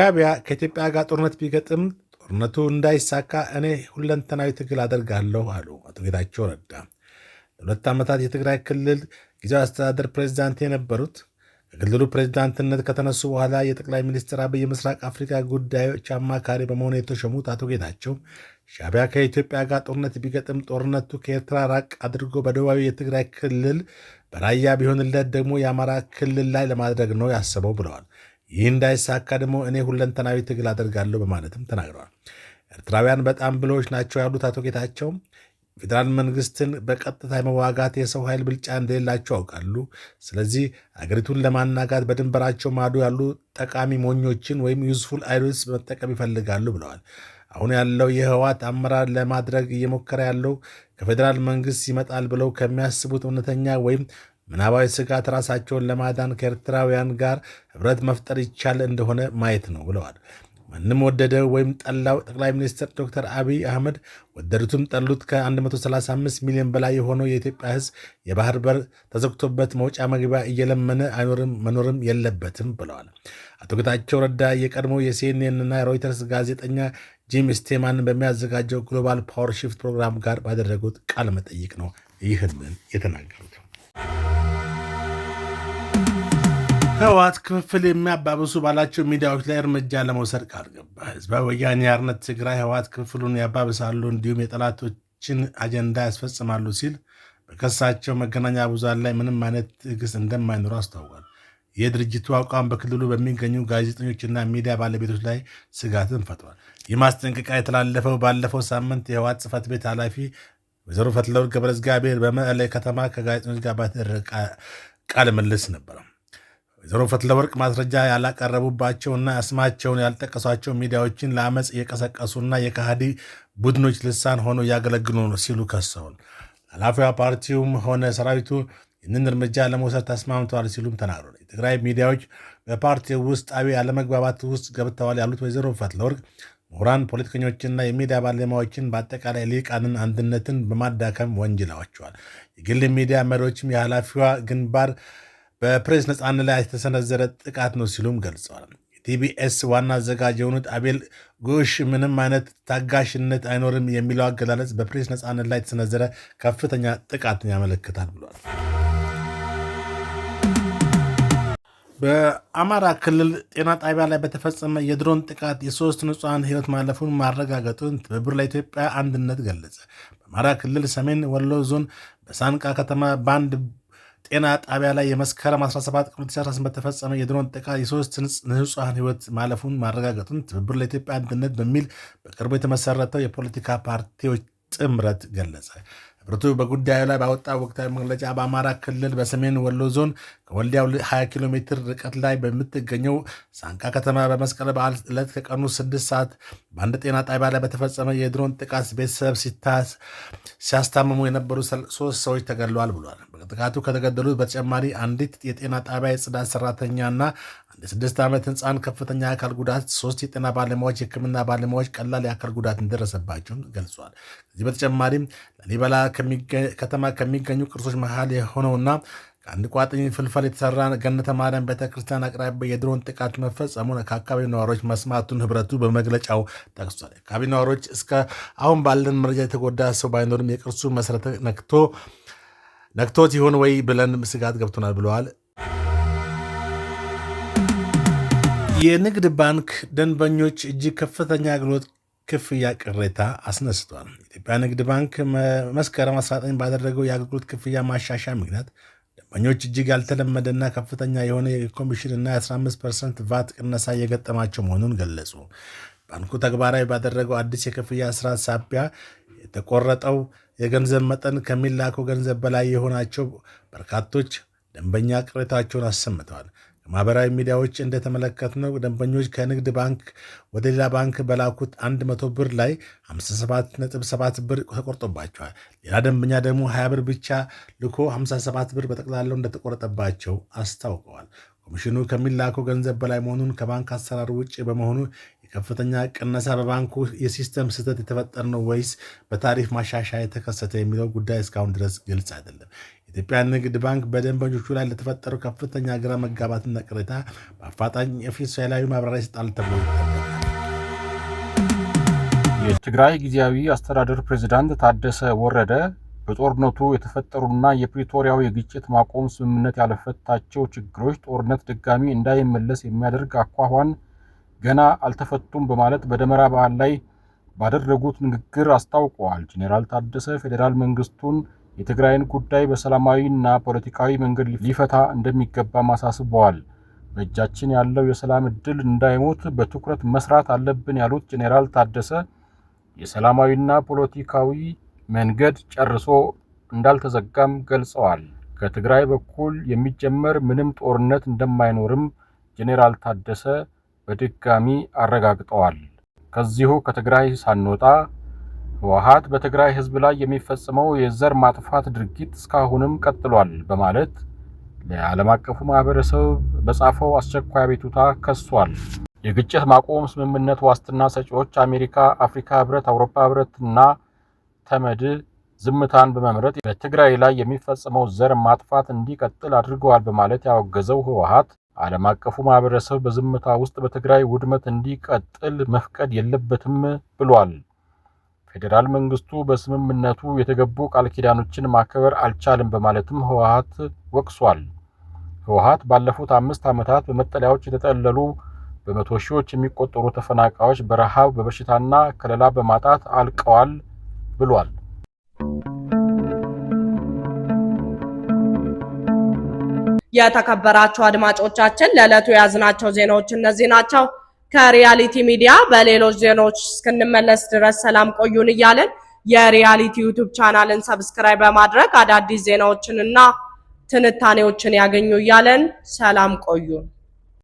ሻቢያ ከኢትዮጵያ ጋር ጦርነት ቢገጥም ጦርነቱ እንዳይሳካ እኔ ሁለንተናዊ ትግል አደርጋለሁ አሉ አቶ ጌታቸው ረዳ። ለሁለት ዓመታት የትግራይ ክልል ጊዜያዊ አስተዳደር ፕሬዚዳንት የነበሩት ከክልሉ ፕሬዚዳንትነት ከተነሱ በኋላ የጠቅላይ ሚኒስትር አብይ የምስራቅ አፍሪካ ጉዳዮች አማካሪ በመሆኑ የተሾሙት አቶ ጌታቸው ሻቢያ ከኢትዮጵያ ጋር ጦርነት ቢገጥም ጦርነቱ ከኤርትራ ራቅ አድርጎ በደቡባዊ የትግራይ ክልል በራያ ቢሆንለት ደግሞ የአማራ ክልል ላይ ለማድረግ ነው ያሰበው ብለዋል። ይህ እንዳይሳካ ደግሞ እኔ ሁለንተናዊ ትግል አደርጋለሁ በማለትም ተናግረዋል። ኤርትራውያን በጣም ብሎዎች ናቸው ያሉት አቶ ጌታቸው ፌዴራል መንግስትን በቀጥታ የመዋጋት የሰው ኃይል ብልጫ እንደሌላቸው ያውቃሉ። ስለዚህ አገሪቱን ለማናጋት በድንበራቸው ማዶ ያሉ ጠቃሚ ሞኞችን ወይም ዩዝፉል አይዶልስ በመጠቀም ይፈልጋሉ ብለዋል። አሁን ያለው የህወሓት አመራር ለማድረግ እየሞከረ ያለው ከፌዴራል መንግስት ይመጣል ብለው ከሚያስቡት እውነተኛ ወይም ምናባዊ ስጋት ራሳቸውን ለማዳን ከኤርትራውያን ጋር ህብረት መፍጠር ይቻል እንደሆነ ማየት ነው ብለዋል። ማንም ወደደ ወይም ጠላው ጠቅላይ ሚኒስትር ዶክተር አብይ አህመድ ወደዱትም ጠሉት ከ135 ሚሊዮን በላይ የሆነው የኢትዮጵያ ህዝብ የባህር በር ተዘግቶበት መውጫ መግቢያ እየለመነ አይኖርም መኖርም የለበትም ብለዋል። አቶ ጌታቸው ረዳ የቀድሞ የሲኤንኤንና የሮይተርስ ጋዜጠኛ ጂም ስቴማን በሚያዘጋጀው ግሎባል ፓወር ሺፍት ፕሮግራም ጋር ባደረጉት ቃለ መጠይቅ ነው ይህንን የተናገሩት። ህወሓት ክፍፍል የሚያባብሱ ባላቸው ሚዲያዎች ላይ እርምጃ ለመውሰድ ቃል ገባ። ህዝባዊ ወያኔ ሓርነት ትግራይ ህወሓት ክፍፍሉን ያባብሳሉ፣ እንዲሁም የጠላቶችን አጀንዳ ያስፈጽማሉ ሲል በከሳቸው መገናኛ ብዙሃን ላይ ምንም አይነት ትዕግስት እንደማይኖሩ አስታውቋል። የድርጅቱ አቋም በክልሉ በሚገኙ ጋዜጠኞችና ሚዲያ ባለቤቶች ላይ ስጋትን ፈጥሯል። ይህ ማስጠንቀቂያ የተላለፈው ባለፈው ሳምንት የህወሓት ጽህፈት ቤት ኃላፊ ወይዘሮ ፈትለወርቅ ገብረ እግዚአብሔር በመቀሌ ከተማ ከጋዜጠኞች ጋር ባደረገ ቃለ ምልልስ ነበረ። ወይዘሮ ፈትለወርቅ ማስረጃ ያላቀረቡባቸውና ስማቸውን ያልጠቀሷቸው ሚዲያዎችን ለአመፅ እየቀሰቀሱና የካሃዲ ቡድኖች ልሳን ሆኖ እያገለግሉ ነው ሲሉ ከሰውን። ኃላፊዋ ፓርቲውም ሆነ ሰራዊቱ ይህንን እርምጃ ለመውሰድ ተስማምተዋል ሲሉም ተናግረዋል። የትግራይ ሚዲያዎች በፓርቲው ውስጣዊ አለመግባባት ውስጥ ገብተዋል ያሉት ወይዘሮ ፈትለወርቅ ምሁራን ፖለቲከኞችንና የሚዲያ ባለሙያዎችን በአጠቃላይ ሊቃንን አንድነትን በማዳከም ወንጅለዋቸዋል። የግል ሚዲያ መሪዎችም የኃላፊዋ ግንባር በፕሬስ ነፃነት ላይ የተሰነዘረ ጥቃት ነው ሲሉም ገልጸዋል። የቲቢኤስ ዋና አዘጋጅ የሆኑት አቤል ጉሽ ምንም አይነት ታጋሽነት አይኖርም የሚለው አገላለጽ በፕሬስ ነፃነት ላይ የተሰነዘረ ከፍተኛ ጥቃትን ያመለክታል ብሏል። በአማራ ክልል ጤና ጣቢያ ላይ በተፈጸመ የድሮን ጥቃት የሶስት ንጹሐን ህይወት ማለፉን ማረጋገጡን ትብብር ለኢትዮጵያ አንድነት ገለጸ። በአማራ ክልል ሰሜን ወሎ ዞን በሳንቃ ከተማ በአንድ ጤና ጣቢያ ላይ የመስከረም 17 ቀን 2018 በተፈጸመ የድሮን ጥቃት የሶስት ንጹሐን ህይወት ማለፉን ማረጋገጡን ትብብር ለኢትዮጵያ አንድነት በሚል በቅርቡ የተመሰረተው የፖለቲካ ፓርቲዎች ጥምረት ገለጸ። ርቱ በጉዳዩ ላይ ባወጣው ወቅታዊ መግለጫ በአማራ ክልል በሰሜን ወሎ ዞን ከወልዲያው 20 ኪሎ ሜትር ርቀት ላይ በምትገኘው ሳንቃ ከተማ በመስቀል በዓል ዕለት ከቀኑ 6 ሰዓት በአንድ ጤና ጣቢያ ላይ በተፈጸመ የድሮን ጥቃት ቤተሰብ ሲያስታምሙ የነበሩ ሶስት ሰዎች ተገድለዋል ብሏል። በጥቃቱ ከተገደሉት በተጨማሪ አንዲት የጤና ጣቢያ የጽዳት ሰራተኛና የስድስት ዓመት ህፃን ከፍተኛ የአካል ጉዳት፣ ሶስት የጤና ባለሙያዎች የህክምና ባለሙያዎች ቀላል የአካል ጉዳት እንደደረሰባቸውን ገልጿል። ከዚህ በተጨማሪም ላሊበላ ከተማ ከሚገኙ ቅርሶች መሃል የሆነውና ከአንድ ቋጥኝ ፍልፈል የተሰራ ገነተ ማርያም ቤተክርስቲያን አቅራቢያ የድሮን ጥቃት መፈጸሙን ከአካባቢው ነዋሪዎች መስማቱን ህብረቱ በመግለጫው ጠቅሷል። የአካባቢ ነዋሪዎች እስከ አሁን ባለን መረጃ የተጎዳ ሰው ባይኖርም የቅርሱ መሰረተ ነክቶት ይሆን ወይ ብለን ስጋት ገብቶናል ብለዋል። የንግድ ባንክ ደንበኞች እጅግ ከፍተኛ አገልግሎት ክፍያ ቅሬታ አስነስቷል። የኢትዮጵያ ንግድ ባንክ መስከረም 19 ባደረገው የአገልግሎት ክፍያ ማሻሻያ ምክንያት ደንበኞች እጅግ ያልተለመደና ከፍተኛ የሆነ እና የ15 ፐርሰንት ቫት ቅነሳ እየገጠማቸው መሆኑን ገለጹ። ባንኩ ተግባራዊ ባደረገው አዲስ የክፍያ ስርዓት ሳቢያ የተቆረጠው የገንዘብ መጠን ከሚላከው ገንዘብ በላይ የሆናቸው በርካቶች ደንበኛ ቅሬታቸውን አሰምተዋል። ማህበራዊ ሚዲያዎች እንደተመለከትነው ደንበኞች ከንግድ ባንክ ወደ ሌላ ባንክ በላኩት 100 ብር ላይ 577 ብር ተቆርጦባቸዋል። ሌላ ደንበኛ ደግሞ 20 ብር ብቻ ልኮ 57 ብር በጠቅላላው እንደተቆረጠባቸው አስታውቀዋል። ኮሚሽኑ ከሚላከው ገንዘብ በላይ መሆኑን ከባንክ አሰራር ውጭ በመሆኑ የከፍተኛ ቅነሳ በባንኩ የሲስተም ስህተት የተፈጠረ ነው ወይስ በታሪፍ ማሻሻያ የተከሰተ የሚለው ጉዳይ እስካሁን ድረስ ግልጽ አይደለም። የኢትዮጵያ ንግድ ባንክ በደንበኞቹ ላይ ለተፈጠሩ ከፍተኛ ግራ መጋባትና ቅሬታ በአፋጣኝ ኦፊሴላዊ ማብራሪያ ይሰጣል ተብሎ የትግራይ ጊዜያዊ አስተዳደር ፕሬዝዳንት ታደሰ ወረደ በጦርነቱ የተፈጠሩና የፕሪቶሪያው የግጭት ማቆም ስምምነት ያልፈታቸው ችግሮች ጦርነት ድጋሚ እንዳይመለስ የሚያደርግ አኳኋን ገና አልተፈቱም በማለት በደመራ በዓል ላይ ባደረጉት ንግግር አስታውቀዋል። ጄኔራል ታደሰ ፌዴራል መንግስቱን የትግራይን ጉዳይ በሰላማዊና ፖለቲካዊ መንገድ ሊፈታ እንደሚገባ አሳስበዋል። በእጃችን ያለው የሰላም እድል እንዳይሞት በትኩረት መስራት አለብን ያሉት ጄኔራል ታደሰ የሰላማዊና ፖለቲካዊ መንገድ ጨርሶ እንዳልተዘጋም ገልጸዋል። ከትግራይ በኩል የሚጀመር ምንም ጦርነት እንደማይኖርም ጄኔራል ታደሰ በድጋሚ አረጋግጠዋል። ከዚሁ ከትግራይ ሳንወጣ ህወሓት በትግራይ ህዝብ ላይ የሚፈጸመው የዘር ማጥፋት ድርጊት እስካሁንም ቀጥሏል በማለት ለዓለም አቀፉ ማህበረሰብ በጻፈው አስቸኳይ አቤቱታ ከሷል። የግጭት ማቆም ስምምነት ዋስትና ሰጪዎች አሜሪካ፣ አፍሪካ ህብረት፣ አውሮፓ ህብረትና ተመድ ዝምታን በመምረጥ በትግራይ ላይ የሚፈጸመው ዘር ማጥፋት እንዲቀጥል አድርገዋል በማለት ያወገዘው ህወሀት ዓለም አቀፉ ማህበረሰብ በዝምታ ውስጥ በትግራይ ውድመት እንዲቀጥል መፍቀድ የለበትም ብሏል። ፌዴራል መንግስቱ በስምምነቱ የተገቡ ቃል ኪዳኖችን ማከበር አልቻልም በማለትም ህወሀት ወቅሷል። ህወሀት ባለፉት አምስት ዓመታት በመጠለያዎች የተጠለሉ በመቶ ሺዎች የሚቆጠሩ ተፈናቃዮች በረሃብ በበሽታና ከለላ በማጣት አልቀዋል ብሏል። የተከበራችሁ አድማጮቻችን ለዕለቱ የያዝናቸው ዜናዎች እነዚህ ናቸው። ከሪያሊቲ ሚዲያ በሌሎች ዜናዎች እስክንመለስ ድረስ ሰላም ቆዩን እያለን የሪያሊቲ ዩቱብ ቻናልን ሰብስክራይብ በማድረግ አዳዲስ ዜናዎችን እና ትንታኔዎችን ያገኙ እያለን ሰላም ቆዩን።